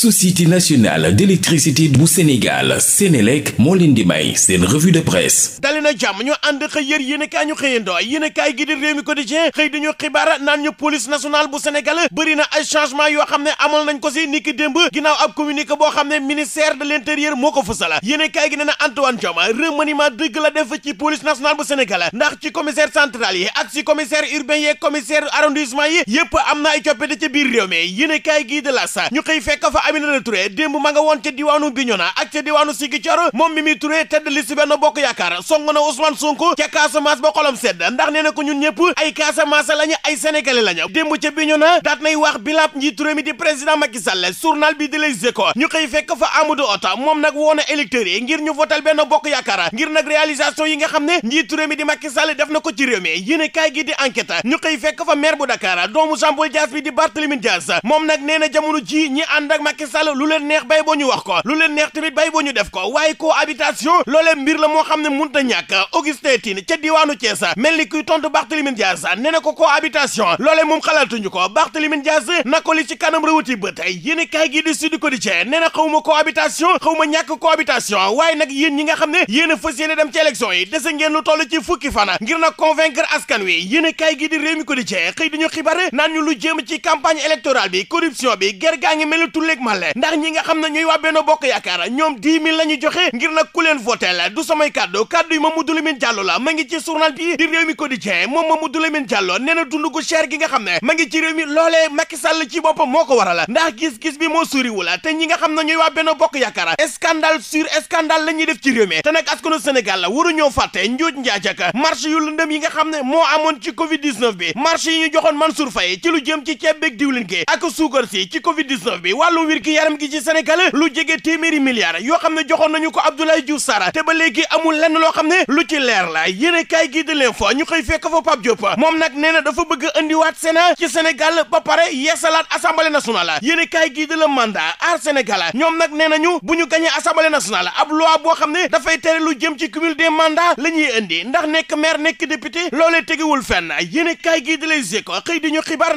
société nationale d'électricité bu Sénégal Sénélec moo leen di may seen revue de presse dali jàmm ñu ànd xëy yër yéenekaay ñu xëyandoo yéenekaay gi di Rewmi xëy dañu xibaar naan ñu police nationale bu Sénégal bëri na ay changement yoo xam ne amal nañ ko si ni démb ginnaaw ab communiqué boo xam ne ministère de l'intérieur moo ko fësal yéenekaay gi nee na Antoine Diome remaniement dëgg la def ci police nationale bu Sénégal ndax ci Aminata Touré démb ma nga woon ca diwaanu Bignona ak ca diwaanu Ziguinchor moom Mimi Touré tedd liste Benno Bokk Yaakaar song na Ousmane Sonko ca Casamance ba xolam sedd ndax nee na ko ñun ñëpp ay Casamance lañu ay sénégalais lañu démb ca Bignona daat nay wax bilaab njiitu mi di président Macky Sall journal bi di Les Échos ñu xëy fekk fa Amadou Ota moom nag woon na électeurs yi ngir ñu votal Benno Bokk Yaakaar ngir nag réalisation yi mi di Macky def na ko ci réew mi yéen gi di enquête ñu xëy fekk fa maire Macky Sall lu leen neex bay boo ñu wax ko lu leen neex tamit bay boo ñu def ko waaye cohabitation loolee mbir la moo xam ne mënut a ñàkk Augustin ca diwaanu Thiès mel ni kuy tontu Barthélémy Dias nee ko cohabitation loolee moom xalaatuñu ko Barthélémy Dias na ci kanam rawati bët yéen kaay gi di Sud Quotidien nee na xawma cohabitation xawma ñàkk cohabitation waaye nag yéen ñi nga xam ne yéen a fas yéene dem ci élection yi dese lu toll ci fukki fana yemale ndax ñi nga xam ne ñuy waa Benno Bokk Yaakaar ñoom 10 000 la joxe ngir nag ku leen voté la du samay kàddu kàddu yi Mamadou Lamine Diallo la ma ngi ci journal bi di réew mi quotidien moom Mamadou Lamine Diallo nee na dund gu cher gi nga xam ne ma ngi ci réew mi loolee Macky Sall ci boppam moo ko waral ndax gis-gis bi moo suriwu la te ñi nga xam na ñuy waa Benno Bokk Yaakaar scandale sur scandale la ñuy def ci réew mi te nag askanu Sénégal la waru ñoo fàtte njuuj njaajak marché yu lëndëm yi nga xam ne moo amoon ci covid bi marché yi ñu joxoon Mansour Faye ci lu jëm ci ceeb beeg diwlin gi ak suukar si ci covid bi wàllu wér-gi-yaram gi ci Sénégal lu jege téeméeri milliards yoo xam ne joxoon nañu ko Abdoulaye Diouf Sarr te ba léegi amul lenn loo xam ne lu ci leer la yéene kaay gi de l'info ñu xëy fekk fa Pape Diop moom nag nee na dafa bëgg indiwaat Sénat ci Sénégal ba pare yeesalaat assemblée nationale yéene kaay gi de la mandat aar Sénégal ñoom nag nee nañu bu ñu gañee assemblée nationale ab loi boo xam ne dafay tere lu jëm ci cumul des mandats la ñuy indi ndax nekk maire nekk député loolee tegewul fenn yéene kaay gi de Les Échos xëy di ñu xibaar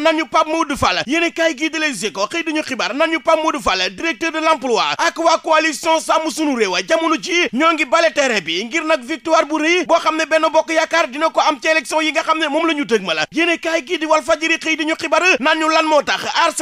Mamadou Fall directeur de l'emploi ak waa coalition sàmm sunu réew jamono ji ñoo ngi bale terrain bi ngir ne moom la ñu dëg moo tax aar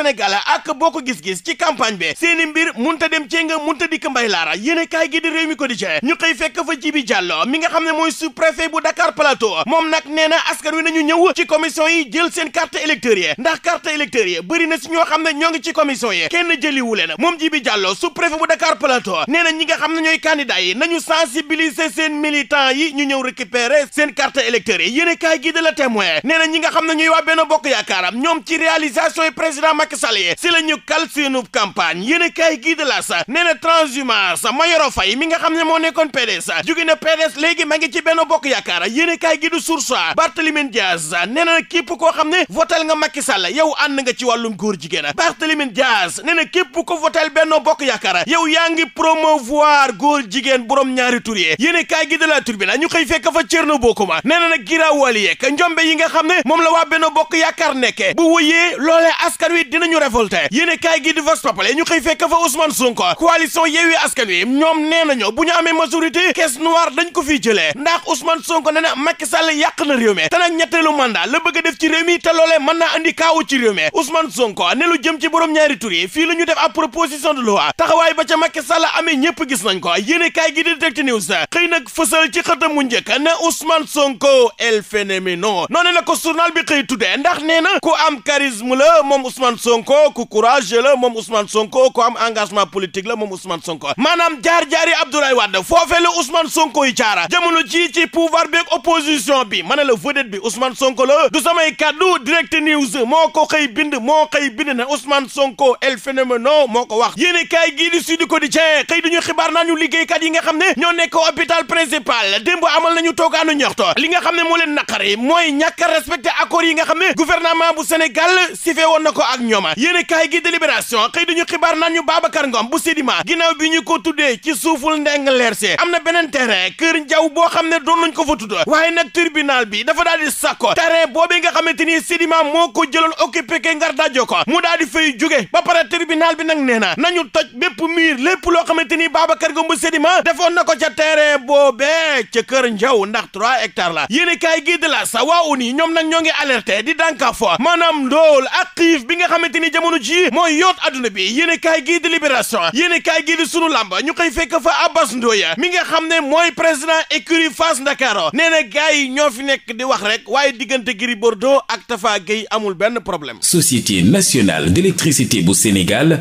dem cee nga munta dikk mbay laara yéene kaay gii di réew ko di cee ñu xëy fekk fa Jibi Diallo mi nga xam ne mooy sous-préfet bu Dakar Plateau moom nag nee na askan wi nañu ñëw ci commission yi jël seen carte électeur yi ndax carte électeur yi bëri na si ñoo xam ne ñoo ngi ci commission yi kenn jëliwu leen moom Djibi Diallo sous-préfet bu Dakar Plateau nee na ñi nga xam ne ñooy candidat yi nañu sensibiliser seen militants yi ñu ñëw récupérer seen carte électeurs yi yéen kaay gi de la témoin nee na ñi nga xam ne ñooy waa Benno Bokk Yaakaar ñoom ci réalisation yi président Macky Sall yi si la ñu kal seenu campagne yéen kaay gi de la sa nee na transhumance Mayoro Faye mi nga xam ne moo nekkoon PDS jóge na PDS léegi ma ngi ci Benno Bokk Yaakaar yéen kaay gi du Source A Barthélémy Diaz na képp koo xam ne votel nga Macky Sall yow ànd nga ci wàllum góor jigéen Barthélémy Diaz képp ko votel Benno Bokk Yaakaar yow yaa ngi promouvoir góor jigéen borom ñaari tur yi yéen kaay gi de la tur bi la ñu xëy fekk fa Thierno Bocoum nee na nag giraawaal yeeg njombe yi nga xam ne moom la waa Benno Bokk Yaakaar nekke bu wëyee loolee askan wi dinañu révolté yéen kaay gi di fa Populi ñu xëy fekk fa Ousmane Sonko coalition Yewwi Askan Wi ñoom nee nañu bu ñu amee majorité caisse noire dañ ko fii jëlee ndax Ousmane Sonko na Macky Sall yàq na réew mi te nag ñetteelu mandat bëgg def ci réew mi te loolee mën naa andi kaawu ci réew mi Ousmane Sonko ne lu jëm ci borom ñaari tur fii la ñu def ab proposition de taxawaay ba ca Macky Sall amee ñëpp gis nañ ko yéen kaay gi di Direct News xëy nag fësal ci xëtam mu njëkk ne Ousmane Sonko el phénomène noonu la ko journal bi xëy tuddee ndax nee na ku am charisme la moom Ousmane Sonko ko courage la moom Ousmane Sonko ku am engagement politique la moom Ousmane Sonko maanaam jaar-jaari Abdoulaye Wade foofee la Ousmane Sonko yi caara jamono ji ci pouvoir beeg opposition bi ma ne la vedette bi Ousmane Sonko la du samay kaddu Direct News moo ko xëy bind moo xëy bind ne Ousmane Sonko el non moo ko wax yéen kaay gii di Sud Quotidien xëy duñu xibaar naa ñu liggéeykat yi nga xam ne ñoo nekk hôpital principal démb amal nañu toogaanu ñoxto li nga xam ne moo leen naqari mooy ñàkk a respecté accords yi nga xam ne gouvernement bu Sénégal sife woon na ko ak ñooma yéen kaay gi délibération xëy duñu xibaar naan ñu Babacar Ngom bu Sédima ginnaaw bi ñu ko tuddee ci suuful ndeng leerse am na beneen terrain kër jaw boo xam ne doon nañ ko fa tudd waaye nag tribunal bi dafa daal di sàkko terrain boobee xamante ni Sédima moo ko jëloon occupé ke ngar dajjo ko mu daal di fay jóge ba pare tribunal journal bi nag nee na nañu toj bépp miir lépp loo xamante ni Babacar Ngom bu Sedima defoon na ko ca terrain boobee ca kër Njaw ndax trois hectares la yéen kaay gi de la sa waa uni ñoom nag ñoo ngi alerté di dànka fo maanaam ndool ak xiif bi nga xamante ni jamono ji mooy yoot adduna bi yéen kaay gi di libération yéen kaay gi di sunu làmb ñu koy fekk fa Abbas Ndoya mi nga xam ne mooy président écurie Fass Ndakaro nee na gars yi ñoo fi nekk di wax rek waaye diggante Gris Bordeaux ak Tafa Gueye amul benn problème société nationale d'électricité bu Sénégal